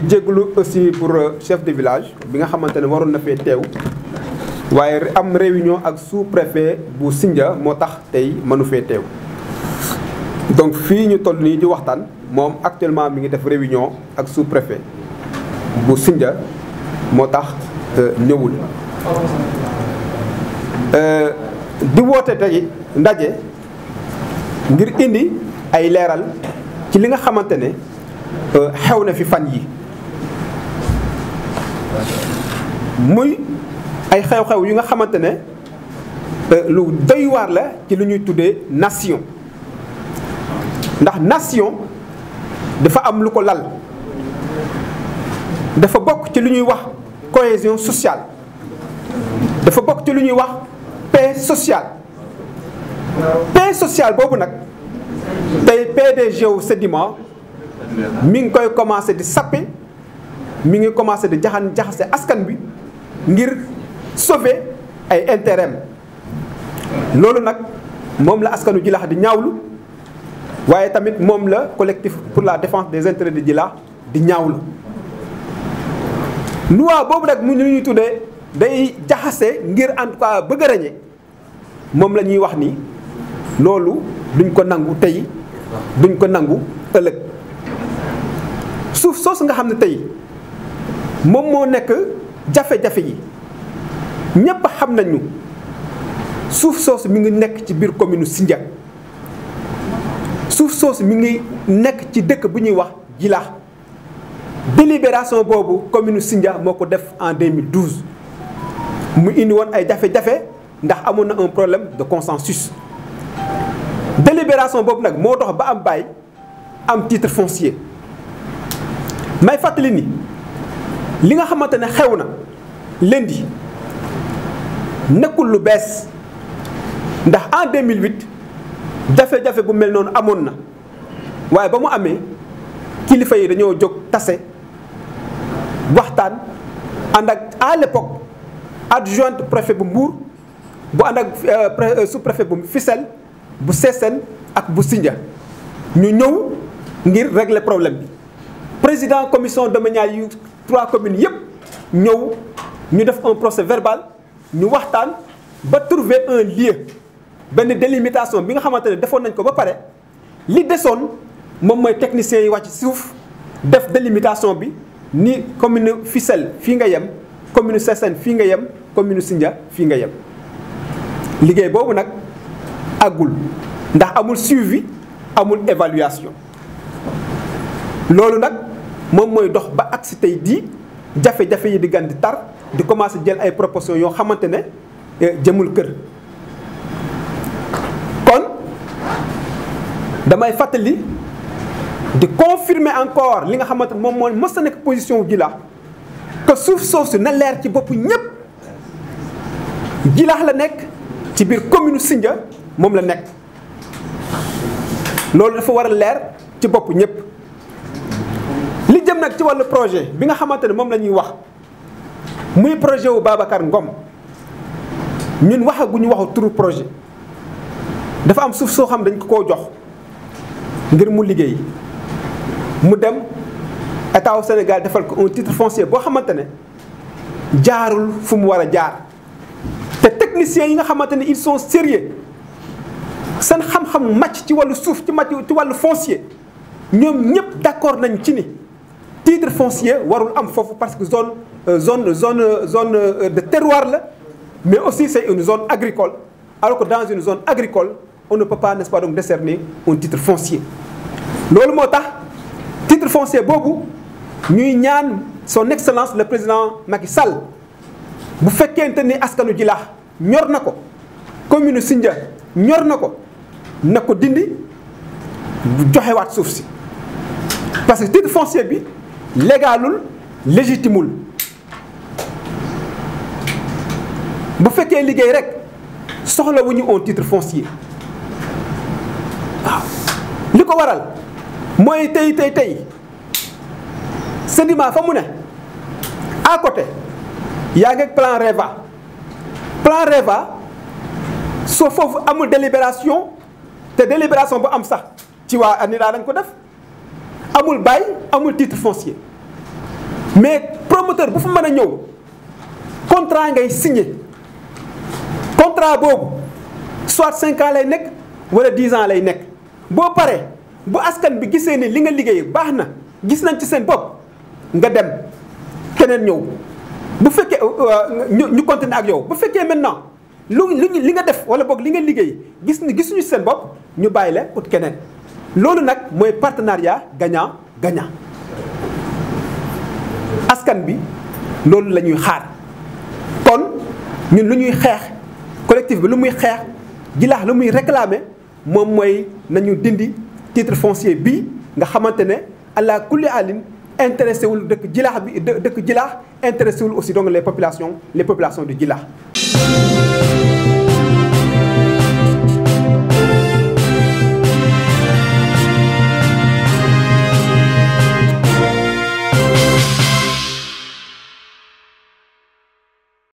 di jéglu aussi pour euh, chef de village bi nga xamante ne waroon na fee teew waaye am réunion ak sous-préfet bu Sindia moo tax tey mënu fee teew donc fii ñu toll nii di waxtaan moom actuellement mi ngi def réunion ak sous-préfet bu Sindia moo tax euh, ñëwul euh, di woote tey ndaje ngir indi ay leeral ci li nga xamante ne xew na fi fan yi muy ay xew-xew yu nga xamante ne euh, lu doy la ci lu ñuy tuddee nation ndax nation dafa am lu ko lal dafa bokk ci lu ñuy wax cohésion sociale dafa bokk ci lu ñuy wax paix sociale paix sociale boobu nag tey PDG wu Sedima mi ngi koy commencé di sappe mi ngi commencé di jaxan jaxase askan bi ngir sauver ay intérêt loolu nag moom la askanu Jilaax di ñaawlu waaye tamit moom la collectif pour la défense des intérêts de Jilaax di ñaawlu loi boobu nag mu ñuy tuddee day jaxase ngir en tout cas bëgg rañe moom la ñuy wax ni loolu duñ ko nangu tey duñ ko nangu ëllëg suuf soosu nga xam ne tey moom moo nekk jafe-jafe yi ñépp xam nañu suuf soosu mi ngi nekk ci biir commune Sindian suuf soosu mi ngi nekk ci dëkk bu ñuy wax Jilaax délibération boobu commune Sindian moo ko def en 2012 mu indi woon ay jafe-jafe ndax amoon na un problème de consensus délibération boobu nag moo tax ba am bail am titre foncier may fàttali ni. li nga xamante ne xew na lundi nekkul lu bees ndax en 2008 jafe-jafe bu mel noonu amoon na waaye ba mu amee kilifa yi dañoo jóg tase waxtaan ànd ak à l'époque adjointe préfet bu Mbour bu ànd ak euh, euh, sous-préfet bu Fissel bu Sessène ak bu Sindia ñu ñëw ngir régler problème bi président commission domaniale yu trois communes yëpp ñëw ñu def un procès verbal ñu waxtaan ba trouver un lieu benn délimitation bi nga xamante ne defoon nañ ko ba pare li desoon moom mooy techniciens yi wàcc suuf def délimitation bi ni commune Fissel fii nga yem commune Sessène fii nga yem commune Sindia fii nga yem liggéey boobu nag àggul ndax amul suivi amul évaluation loolu nag moom mooy dox ba agsi tey di jafe-jafe yi diggante di tar di commencé jël ay proportions yoo xamante ne eh, jëmul kër kon damay fàttali di confirmer encore li nga xamante ne moom mooy mës nekk position wu Jilaax que suuf si na leer ci bopp ñépp Jilaax la nekk ci biir commune sinja moom la nekk loolu dafa war a leer ci bopp ñépp jëm nag ci wàllu projet bi nga xamante ne moom la ñuy wax muy projet wu Babacar Ngom ñun waxaguñu waxu turu projet dafa am suuf soo xam dañ ko koo jox ngir mu liggéey mu dem état wu Sénégal defal ko un titre foncier boo xamante ne jaarul fu mu war a jaar te techniciens yi nga xamante ne ils sont sérieux seen xam-xam màcc ci wàllu suuf ci màcc ci wàllu foncier ñoom ñëpp d'accord nañ ci ni titre foncier warul am foofu parce que zone euh, zone zone zone euh, de terroir la mais aussi c'est une zone agricole alors que dans une zone agricole on ne peut pas n'est-ce pas donc décerner titre foncier loolu moo tax titre foncier boobu ñuy ñaan son excellence le président Macky Sall bu fekkente ni askanu Jilaax ñor na ko commune Sindia ñor na ko na ko dindi joxewaat suuf si parce que titre foncier bi légalul légitimul bu fekkee liggéey rek soxlawuñu un titre foncier waaw li ko waral mooy tey tey tey sédiment fa mu ne à côté yaa ngi ak plan REVA plan REVA soo foofu amul délibération te délibération bu am sax ci waa ANIDA dañ ko def. amul bail amul titre foncier mais promoteur bu fa mën a ñëw contrat ngay signé contrat boobu soit 5 ans lay nekk wala 10 ans lay nekk boo paree bu askan bi gisee ni li nga liggéey baax na gis nañ ci seen bopp nga dem keneen ñëw bu fekkee euh, euh, ñu ñu continuer ak yow bu fekkee maintenant lu li nga def wala boog li nga liggéey gis ni gisuñu seen bopp ñu bàyyi la ut keneen. loolu nag mooy partenariat gagnant gagnant askan bi loolu la ñuy xaar kon ñun lu ñuy xeex collectif bi lu muy xeex Jilaax lu muy réclamer moom mooy nañu dindi titre foncier bi nga xamante ne allah kulli alin intéressé wul dëkk Jilaax bi dëkk Jilaax intéressé wul aussi donc les populations les populations du Jilaax